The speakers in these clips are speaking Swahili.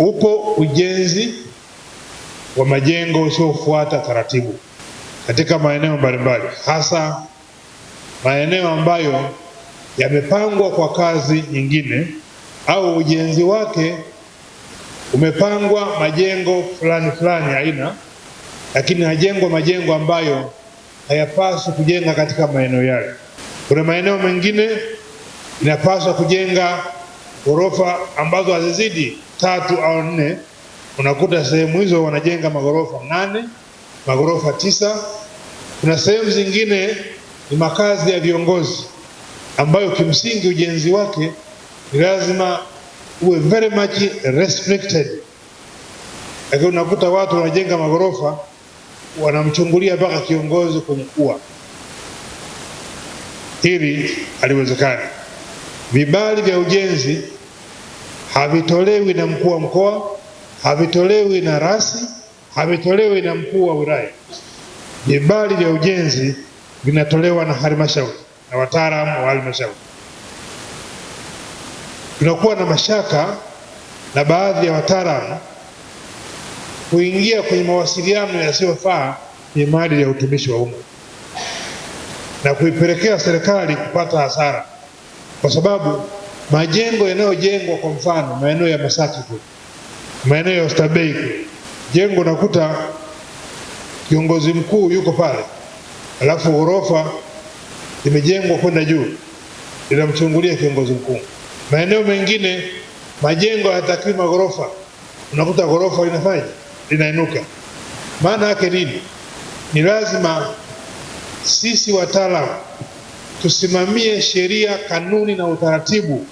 Upo ujenzi wa majengo usiofuata taratibu katika maeneo mbalimbali, hasa maeneo ambayo yamepangwa kwa kazi nyingine au ujenzi wake umepangwa majengo fulani fulani aina, lakini hajengwa majengo ambayo hayapaswi kujenga katika maeneo yale. Kuna maeneo mengine inapaswa kujenga ghorofa ambazo hazizidi tatu au nne, unakuta sehemu hizo wanajenga maghorofa nane, maghorofa tisa. Kuna sehemu zingine ni makazi ya viongozi ambayo kimsingi ujenzi wake ni lazima uwe very much respected, lakini unakuta watu wanajenga maghorofa wanamchungulia mpaka kiongozi kwenye ua. Hili haliwezekani. Vibali vya ujenzi havitolewi na mkuu wa mkoa, havitolewi na rasi, havitolewi na mkuu wa wilaya. Vibali vya ujenzi vinatolewa na halmashauri na wataalamu wa halmashauri. Tunakuwa na mashaka na baadhi ya wataalamu kuingia kwenye mawasiliano yasiyofaa ni mali ya utumishi wa umma na kuipelekea serikali kupata hasara kwa sababu majengo yanayojengwa kwa mfano maeneo ya Masaki kule, maeneo ya Oysterbay kule, jengo unakuta kiongozi mkuu yuko pale, alafu ghorofa limejengwa kwenda juu linamchungulia kiongozi mkuu. Maeneo mengine majengo hayatakiwi maghorofa, unakuta ghorofa inafanya linainuka. Maana yake nini? Ni lazima sisi wataalamu tusimamie sheria, kanuni na utaratibu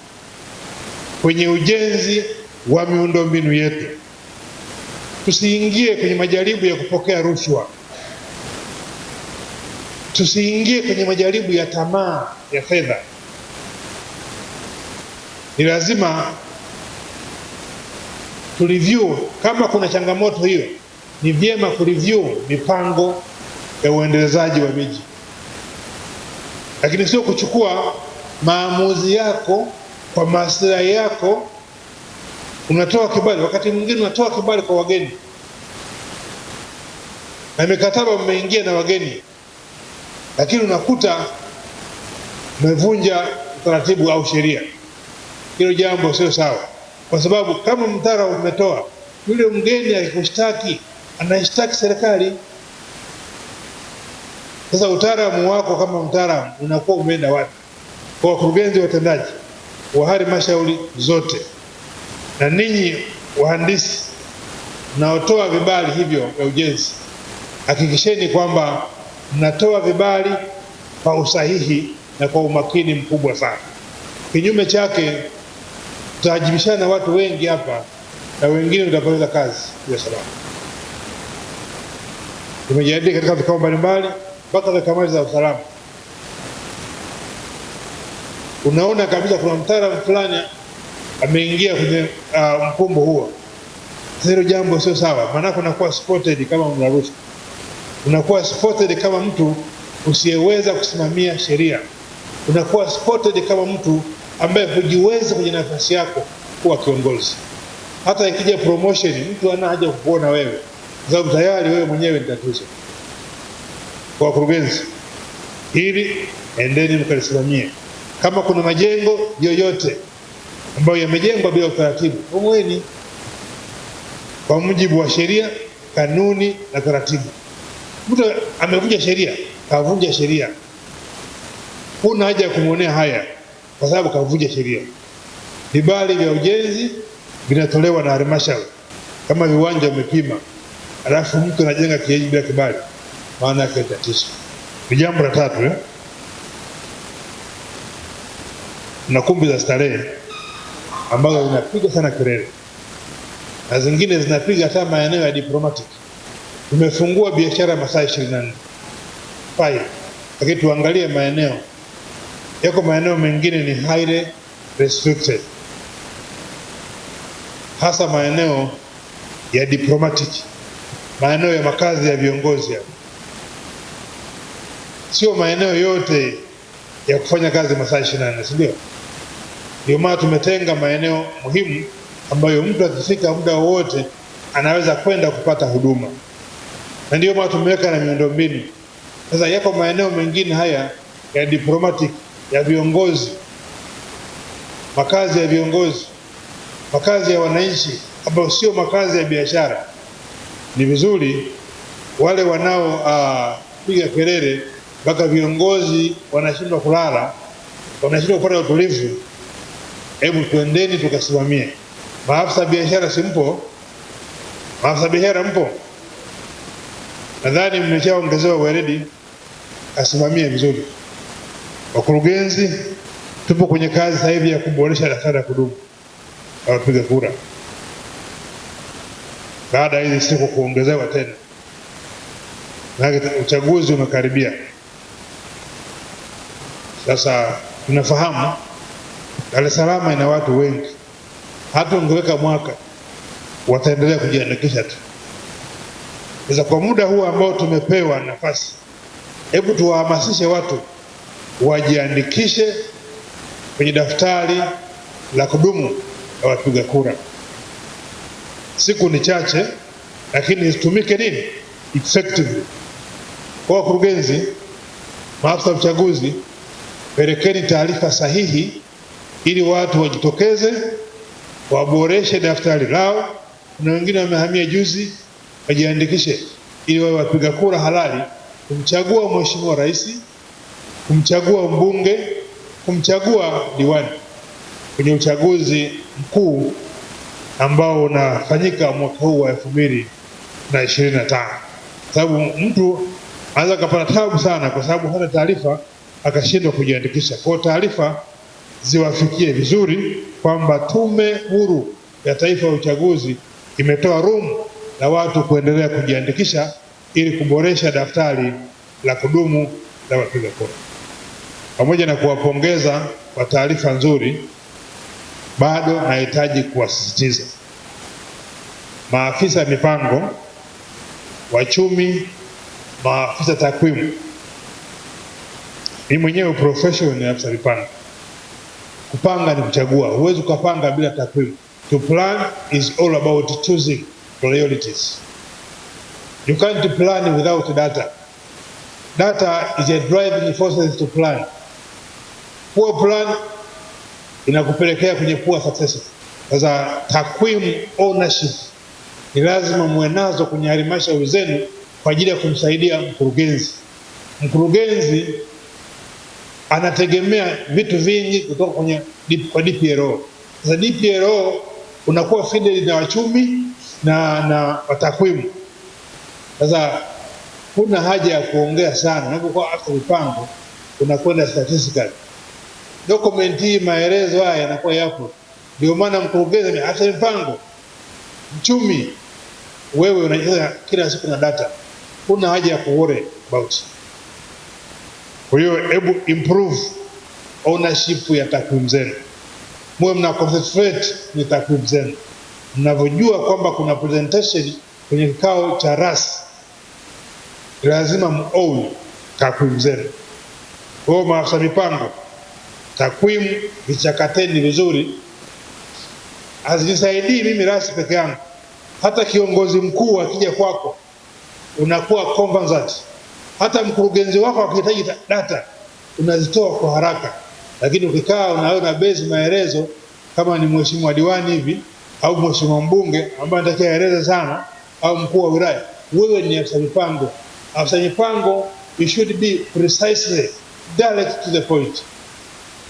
kwenye ujenzi wa miundombinu yetu. Tusiingie kwenye majaribu ya kupokea rushwa, tusiingie kwenye majaribu ya tamaa ya fedha. Ni lazima tureview, kama kuna changamoto hiyo, ni vyema kureview mipango ya uendelezaji wa miji, lakini sio kuchukua maamuzi yako kwa maslahi yako unatoa kibali, wakati mwingine unatoa kibali kwa wageni, na mikataba mmeingia na wageni, lakini unakuta umevunja utaratibu au sheria. Hilo jambo sio sawa, kwa sababu kama mtara umetoa, yule mgeni akikushtaki anaishtaki serikali. Sasa utaalamu wako kama mtaalamu unakuwa umeenda wapi? Kwa wakurugenzi watendaji wa halmashauri zote, na ninyi wahandisi mnaotoa vibali hivyo vya ujenzi, hakikisheni kwamba mnatoa vibali kwa usahihi na kwa umakini mkubwa sana. Kinyume chake, tutaajibishana watu wengi hapa na wengine tutapoteza kazi ya sababu. Tumejadili katika vikao mbalimbali mpaka za kamati za usalama unaona kabisa kuna mtaalamu fulani ameingia kwenye uh, ah, mkumbo huo. Sasa hilo jambo sio sawa, maanake unakuwa spotted kama mlarushwa, unakuwa spotted kama mtu usiyeweza kusimamia sheria, unakuwa spotted kama mtu ambaye hujiwezi kwenye nafasi yako kuwa kiongozi. Hata ikija promotion, mtu ana haja kukuona wewe, sababu tayari wewe mwenyewe ni tatizo. Kwa wakurugenzi, hili endeni mkalisimamie. Kama kuna majengo yoyote ambayo yamejengwa bila utaratibu, bomoeni kwa mujibu wa sheria, kanuni na taratibu. Mtu amevunja sheria, kavunja sheria, huna haja ya kumwonea haya kwa sababu kavunja sheria. Vibali vya ujenzi vinatolewa na halmashauri. Kama viwanja umepima, alafu mtu anajenga kienyeji bila kibali, maana yake tatizo. Ni jambo la tatu eh? na kumbi za starehe ambazo zinapiga sana kelele na zingine zinapiga hata maeneo ya diplomatic. Tumefungua biashara masaa ishirini na nne pai, lakini tuangalie maeneo yako, maeneo mengine ni highly restricted, hasa maeneo ya diplomatic, maeneo ya makazi ya viongozi hapo, sio maeneo yote ya kufanya kazi masaa ishirini na nne, si ndio? Ndio maana tumetenga maeneo muhimu ambayo mtu akifika muda wowote anaweza kwenda kupata huduma, na ndiyo maana tumeweka na miundombinu. Sasa yako maeneo mengine haya ya diplomatic ya viongozi, makazi ya viongozi, makazi ya wananchi, ambayo sio makazi ya biashara. Ni vizuri wale wanaopiga ah, uh, kelele mpaka viongozi wanashindwa kulala, wanashindwa kupata utulivu hebu twendeni tukasimamie. Maafisa biashara si mpo? Maafisa biashara mpo? Nadhani mmeshaongezewa weledi, asimamie vizuri. Wakurugenzi, tupo kwenye kazi sasa hivi ya kuboresha daftari ya kudumu na wapiga kura, baada ya hizi siku kuongezewa tena, maana uchaguzi umekaribia. Sasa tunafahamu Dar es Salaam ina watu wengi, hata ungeweka mwaka wataendelea kujiandikisha tu. Sasa kwa muda huu ambao tumepewa nafasi, hebu tuwahamasishe watu wajiandikishe kwenye daftari la kudumu la wapiga kura. Siku ni chache, lakini zitumike nini effectively. Kwa wakurugenzi, maafisa uchaguzi, pelekeni taarifa sahihi ili watu wajitokeze waboreshe daftari lao. na wengine wamehamia juzi, wajiandikishe ili wawe wapiga kura halali kumchagua mheshimiwa rais, kumchagua mbunge, kumchagua diwani kwenye uchaguzi mkuu ambao unafanyika mwaka huu wa elfu mbili na ishirini na tano kwa sababu mtu anaweza akapata tabu sana, kwa sababu hana taarifa akashindwa kujiandikisha. Kwa taarifa ziwafikie vizuri kwamba Tume Huru ya Taifa ya Uchaguzi imetoa room na watu kuendelea kujiandikisha ili kuboresha daftari la kudumu la wapiga kura. Pamoja na kuwapongeza kwa taarifa nzuri, bado nahitaji kuwasisitiza maafisa mipango, wachumi, maafisa takwimu, ni mwenyewe professional ni afisa mipango Kupanga ni kuchagua, huwezi ukapanga bila takwimu. To plan is all about choosing priorities. You can't plan without data. Data is a driving force to plan. Poor plan inakupelekea kwenye poor success. Sasa takwimu ownership ni lazima muwe nazo kwenye halmashauri zenu kwa ajili ya kumsaidia mkurugenzi. Mkurugenzi anategemea vitu vingi kutoka kwenye kwa DPRO. Sasa DPRO unakuwa fideli na wachumi na na watakwimu. Sasa kuna haja ya kuongea sana, unapokuwa after mipango unakwenda statistical dokumenti hii, maelezo haya yanakuwa yapo. Ndio maana mkurugenzi ni hata mipango, mchumi wewe unajua kila siku na data, kuna haja ya kuworry about kwa hiyo hebu improve ownership ya takwimu zenu, muwe mna concentrate ni takwimu zenu. Mnavyojua kwamba kuna presentation kwenye kikao cha RAS, lazima muown takwimu zenu. Kwa hiyo maafisa mipango, takwimu vichakateni vizuri, hazinisaidii mimi RAS peke yangu, hata kiongozi mkuu akija kwako unakuwa conversant hata mkurugenzi wako akihitaji data unazitoa kwa haraka, lakini ukikaa unaona base maelezo kama ni mheshimiwa diwani hivi au mheshimiwa mbunge ambaye anatakiwa aeleze sana au mkuu wa wilaya, wewe ni afisa mipango. Afisa mipango you should be precisely direct to the point.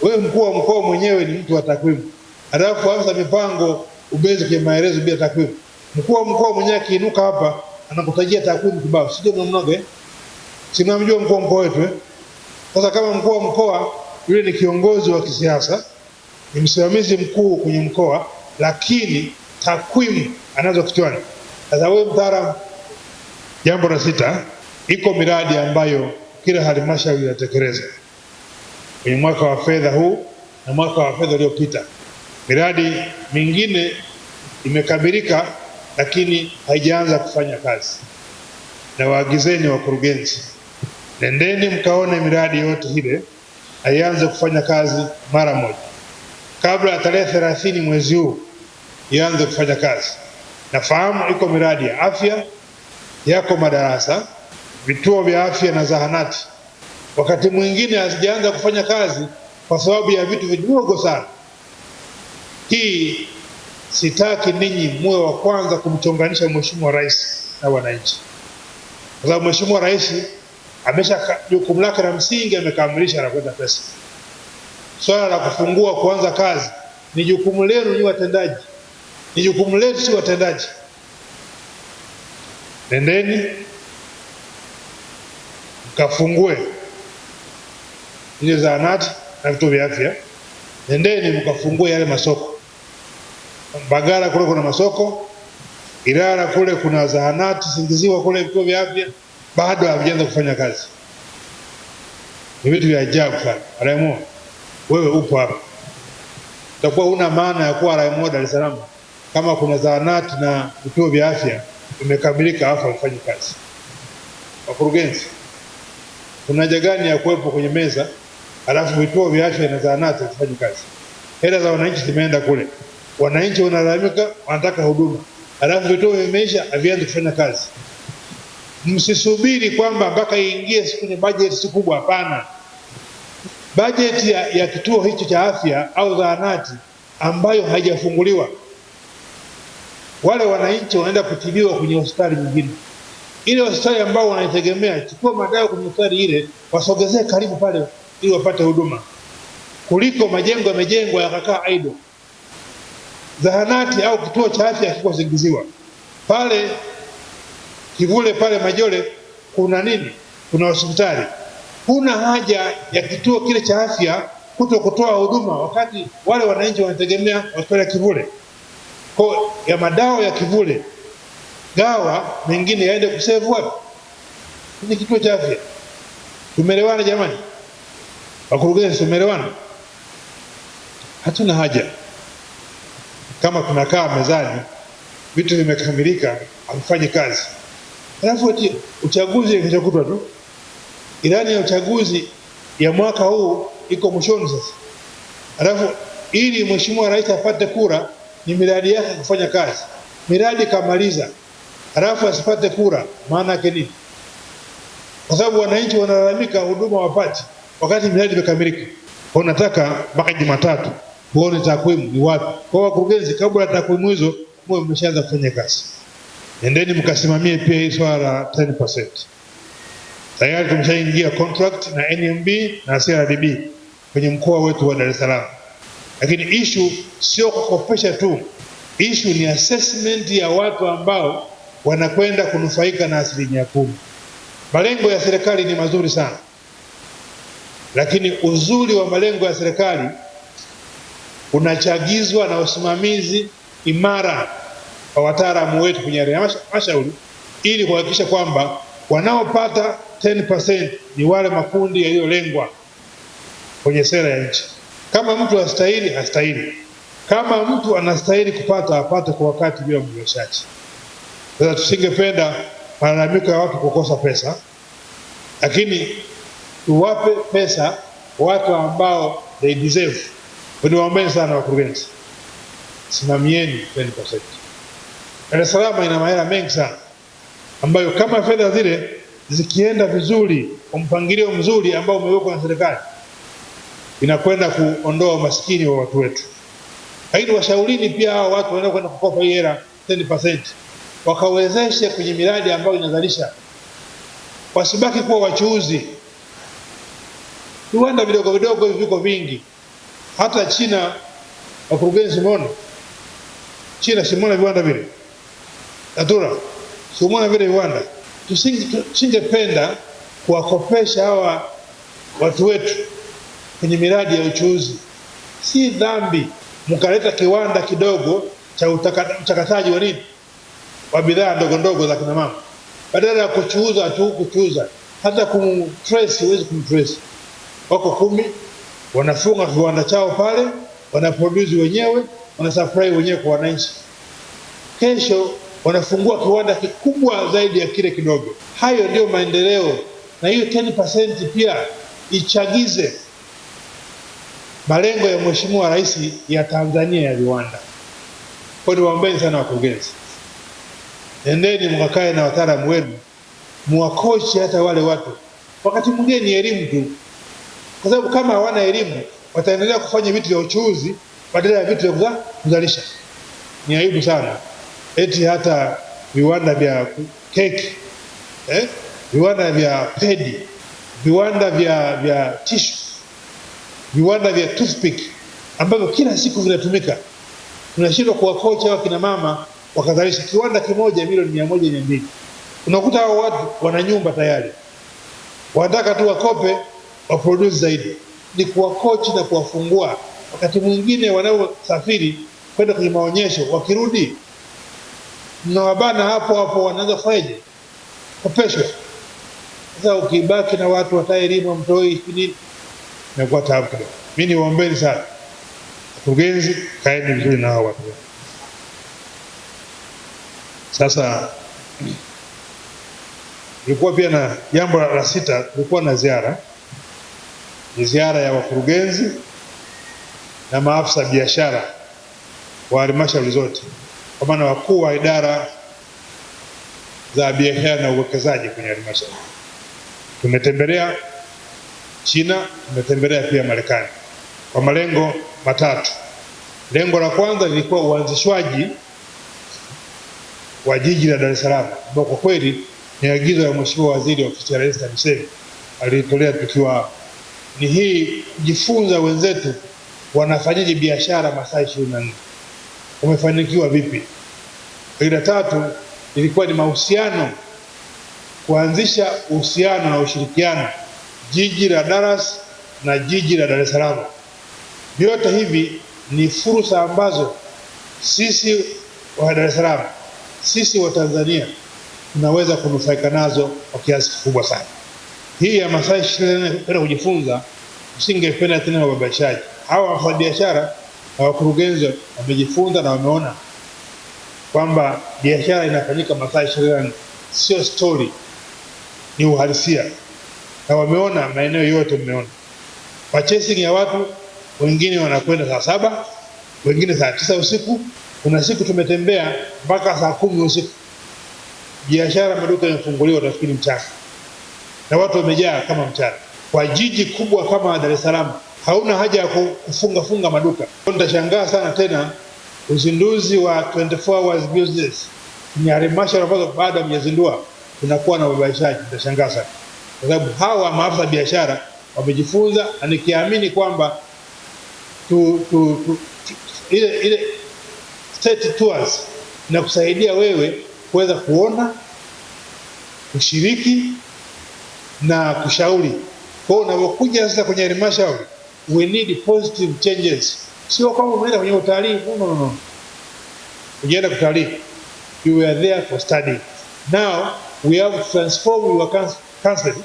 Wewe mkuu wa mkoa mwenyewe ni mtu wa takwimu, alafu afisa mipango ubezi kwa maelezo bila takwimu. Mkuu wa mkoa mwenyewe akiinuka hapa anakutajia takwimu kibao, sio mnoge Simnamjua mkuu wa mkoa wetu eh? Sasa kama mkuu wa mkoa yule ni kiongozi wa kisiasa, ni msimamizi mkuu kwenye mkoa, lakini takwimu anazo kichwani. Sasa wewe mtaalamu, jambo la sita, iko miradi ambayo kila halmashauri inatekeleza kwenye mwaka wa fedha huu na mwaka wa fedha uliopita. Miradi mingine imekamilika, lakini haijaanza kufanya kazi, na waagizeni wakurugenzi Nendeni mkaone miradi yote ile na ianze kufanya kazi mara moja, kabla ya tarehe thelathini mwezi huu ianze kufanya kazi. Nafahamu iko miradi ya afya, yako madarasa, vituo vya afya na zahanati. Wakati mwingine hazijaanza kufanya kazi kwa sababu ya vitu vidogo sana. Hii sitaki ninyi muwe wa kwanza kumchonganisha Mheshimiwa Rais na wananchi, kwa sababu Mheshimiwa Rais amesha jukumu lake la msingi amekamilisha, anakwenda pesa. Swala la kufungua kuanza kazi ni jukumu lenu ni watendaji, ni jukumu letu si watendaji. Nendeni mkafungue ile zahanati na vituo vya afya, nendeni mkafungue yale masoko. Mbagala kule kuna masoko, Ilala kule kuna zahanati, Singiziwa kule vituo vya afya bado havijaanza kufanya kazi. Ni vitu vya ajabu sana. Raimo, wewe upo hapa, utakuwa una maana ya kuwa Raimo Dar es Salaam kama kuna zahanati na vituo vya afya vimekamilika afu havifanyi kazi. Wakurugenzi, kuna haja gani ya kuwepo kwenye meza halafu vituo vya afya na zahanati havifanyi kazi? Hela za wananchi zimeenda kule, wananchi wanalalamika, wanataka huduma, halafu vituo vimeisha, havianzi kufanya kazi msisubiri kwamba mpaka iingie kwenye bajeti si kubwa. Hapana, bajeti ya, ya kituo hicho cha afya au zahanati ambayo haijafunguliwa, wale wananchi wanaenda kutibiwa kwenye hospitali nyingine. Ile hospitali ambao wanaitegemea, chukua madawa kwenye hospitali ile, wasogezee karibu pale, ili wapate huduma, kuliko majengo yamejengwa yakakaa aido. Zahanati au kituo cha afya hakikuzingiziwa pale Kivule pale Majole kuna nini? Kuna hospitali. Kuna haja ya kituo kile cha afya kuto kutoa huduma wakati wale wananchi wanategemea hospitali ya Kivule kwa ya madawa ya Kivule, gawa mengine yaende kusevu wapi? Ni kituo cha afya. Tumeelewana jamani, wakurugenzi? Tumeelewana? Hatuna haja kama tunakaa mezani vitu vimekamilika, havifanyi kazi. Alafu uchaguzi kesho kutwa tu, ilani ya uchaguzi ya mwaka huu iko mwishoni sasa. Alafu ili mheshimiwa rais apate kura, ni miradi yake kufanya kazi. Miradi kamaliza, alafu asipate kura, maana yake nini? Kwa sababu wananchi wanalalamika huduma wapati, wakati miradi imekamilika. Kwa nataka mpaka Jumatatu uone takwimu ni wapi. Kwa wakurugenzi, kabla ya takwimu hizo, mwe mmeshaanza kufanya kazi endeni mkasimamie pia hii swala la 10%. Tayari tumeshaingia contract na NMB na CRDB kwenye mkoa wetu wa Dar es Salaam, lakini issue sio kukopesha tu, issue ni assessment ya watu ambao wanakwenda kunufaika na asilimia kumi. Malengo ya serikali ni mazuri sana, lakini uzuri wa malengo ya serikali unachagizwa na usimamizi imara kwa wataalamu wetu kwenye halmashauri ili kuhakikisha kwamba wanaopata 10% ni wale makundi yaliyolengwa kwenye sera ya nchi. Kama mtu astahili astahili Kama mtu anastahili kupata, apate kwa wakati bila mgeshaji. Sasa tusingependa malalamiko ya watu kukosa pesa, lakini tuwape pesa watu ambao they deserve. Niwaombeni sana wakurugenzi, simamieni 10%. Dar es Salaam ina mahela mengi sana ambayo kama fedha zile zikienda vizuri kwa mpangilio mzuri ambao umewekwa na serikali inakwenda kuondoa umaskini wa watu wetu. Lakini washaurini pia hao watu kwenda kukopa hii hela 10% wakawezeshe kwenye miradi ambayo inazalisha, wasibaki kuwa wachuuzi. Viwanda vidogo vidogo hivi viko vingi, hata China, wakurugenzi Simona, China Simona viwanda vile TARURA, si vile viwanda. Tusingependa kuwakopesha hawa watu wetu kwenye miradi ya uchuuzi. Si dhambi mkaleta kiwanda kidogo cha uchakataji wa nini, wa bidhaa ndogo ndogo za kina mama, badala ya kuchuuza tu kuchuuza. Hata kumtrace huwezi kumtrace. Wako kumi wanafunga kiwanda chao pale, wanaproduce wenyewe, wanasupply wenyewe kwa wananchi. Kesho wanafungua kiwanda kikubwa zaidi ya kile kidogo. Hayo ndiyo maendeleo, na hiyo 10% pia ichagize malengo ya Mheshimiwa Rais ya Tanzania ya viwanda. Kwa hiyo niwaombeni sana wakurugenzi, endeni mkakae na wataalamu wenu, mwakoche hata wale watu. Wakati mwingine ni elimu tu, kwa sababu kama hawana elimu wataendelea kufanya vitu vya uchuuzi badala ya vitu vya kuzalisha. Ni aibu sana eti hata viwanda vya keki eh, viwanda vya pedi, viwanda vya vya tishu, viwanda vya toothpick ambavyo kila siku vinatumika, tunashindwa kuwakocha wakina mama wakazalisha kiwanda kimoja milioni mia moja mia mbili. Unakuta hao watu wana nyumba tayari, wanataka tu wakope waproduce zaidi. Ni kuwakochi na kuwafungua. Wakati mwingine wanaosafiri kwenda kwenye maonyesho wakirudi mnawabana hapo hapo, wanaanza kufanyaje? Kopeshwa. Sasa ukibaki na watu watae elimu mtoi nini, inakuwa tabu kidogo. Mi niwaombeni sana wakurugenzi, kaeni vizuri na hao watu. Sasa ilikuwa pia na jambo la sita, tulikuwa na ziara, ni ziara ya wakurugenzi na maafisa biashara wa halmashauri zote kwa maana wakuu wa idara za biashara na uwekezaji kwenye halmashauri. Tumetembelea China, tumetembelea pia Marekani kwa malengo matatu. Lengo la kwanza lilikuwa uanzishwaji wa jiji la Dar es Salaam ambao kwa kweli ni agizo ya Mheshimiwa Waziri Ofisi ya Rais TAMISEMI alitolea tukiwa ni hii, kujifunza wenzetu wanafanyaje biashara masaa ishirini na nne umefanikiwa vipi. Lakini tatu ilikuwa ni mahusiano, kuanzisha uhusiano na ushirikiano jiji la daras na jiji la Dar es Salaam. Vyote hivi ni fursa ambazo sisi wa Dar es Salaam, sisi wa Tanzania tunaweza kunufaika nazo kwa kiasi kikubwa sana. Hii ya masaa ishirini na nne kwenda kujifunza, msingependa tena wababaishaji hawa wafanyabiashara na wakurugenzi wamejifunza na wameona kwamba biashara inafanyika masaa ishirini na nne, sio stori, ni uhalisia, na wameona maeneo yote, mmeona purchasing ya watu wengine wanakwenda saa saba, wengine saa tisa usiku. Kuna siku tumetembea mpaka saa kumi usiku, biashara maduka yamefunguliwa, utafikiri mchana, na watu wamejaa kama mchana. Kwa jiji kubwa kama Dar es Salaam hauna haja ya kufunga funga maduka. Nitashangaa sana tena uzinduzi wa 24 hours business kwenye halmashauri ambazo bado hamjazindua unakuwa na ubabaishaji. Nitashangaa sana kwa sababu hawa maafisa biashara wamejifunza, na nikiamini kwamba tu, tu, tu, ile ile state tours na kusaidia wewe kuweza kuona, kushiriki na kushauri. Kwa hiyo unapokuja sasa kwenye halmashauri we need positive changes. Sio kama umeenda kwenye utalii no, no, no. Ujienda kutalii, you were there for study. Now we have to transform your counseling.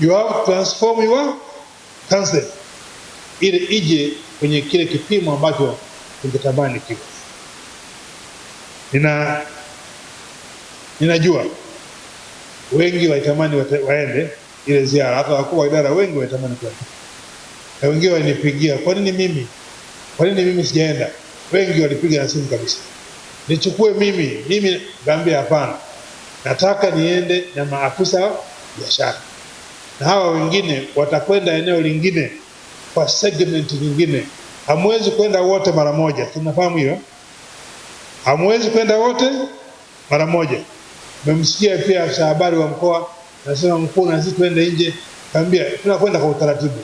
You have to transform your counseling ili ije kwenye kile kipimo ambacho tungetamani kiwe. Nina ninajua wengi waitamani waende ile ziara, hata wakuu wa idara wengi walitamani kwenda na wengine walinipigia, kwa nini mimi, kwa nini mimi sijaenda? Wengi walipiga na simu kabisa, nichukue mimi, mimi. Nikamwambia hapana, nataka niende na maafisa wa biashara, na hawa wengine watakwenda eneo lingine kwa segment nyingine. Hamwezi kwenda wote mara moja, tunafahamu hiyo, hamwezi kwenda wote mara moja. Mmemsikia pia afisa habari wa mkoa Nasema mkuu, na sisi tuende nje. Kaambia tunakwenda kwa utaratibu,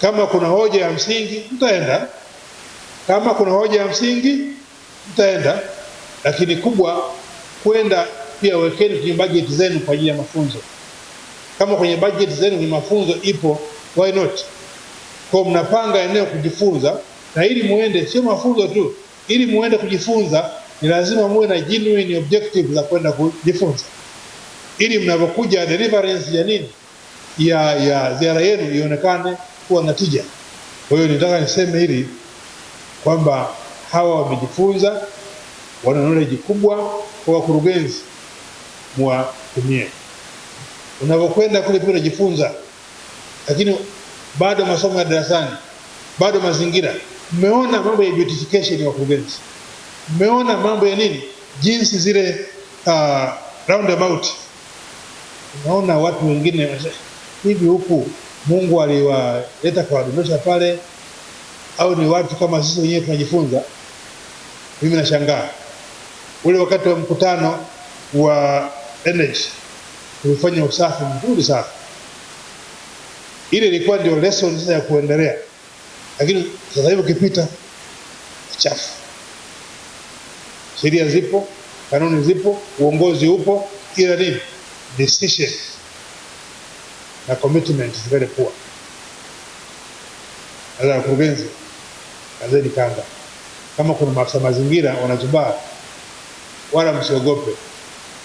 kama kuna hoja ya msingi mtaenda, kama kuna hoja ya msingi mtaenda, lakini kubwa kwenda pia. Wekeni kwenye bajeti zenu kwa ajili ya mafunzo. Kama kwenye bajeti zenu ni mafunzo ipo, why not? Kwa mnapanga eneo kujifunza, na ili muende, sio mafunzo tu, ili muende kujifunza, ni lazima muwe na genuine objective za kwenda kujifunza ili mnapokuja deliverance ya nini ya ya ziara yenu ionekane kuwa na tija. Kwa hiyo nitaka niseme hili kwamba hawa wamejifunza, wana knowledge kubwa. Kwa wakurugenzi, mwatumie unapokwenda kule pia unajifunza, lakini bado masomo ya darasani, bado mazingira. Mmeona mambo ya beautification ya wakurugenzi, mmeona mambo ya nini, jinsi zile uh, roundabout Unaona watu wengine hivi huku Mungu aliwaleta kuwadondosha pale, au ni watu kama sisi wenyewe tunajifunza? Mimi nashangaa ule wakati wa mkutano wa energy tulifanya usafi mzuri sana. Ile ilikuwa ndio lesson sasa ya kuendelea, lakini sasa hivi ukipita chafu. Sheria zipo, kanuni zipo, uongozi upo, ila nini decision na commitment is very poor. Sasa mkurugenzi, kazeni kanga, kama kuna maafisa mazingira wanazubaa, wala msiogope,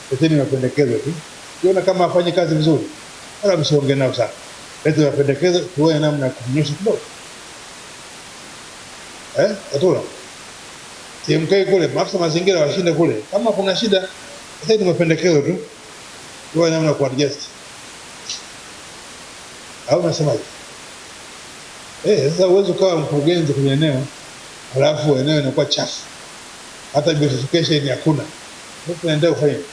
teteni mapendekezo tu. Ukiona kama afanye kazi vizuri, wala msionge nao sana, lete mapendekezo tuone namna ya kumnyosha kidogo. Eh, atuna TMK kule maafisa mazingira washinde kule, kama kuna shida teteni mapendekezo tu uwe namna ya kuadjust au unasemaje? Eh, sasa uwezi ukawa mkurugenzi kwenye eneo halafu eneo inakuwa chafu, hata beautification hakuna, tunaendelea kufanya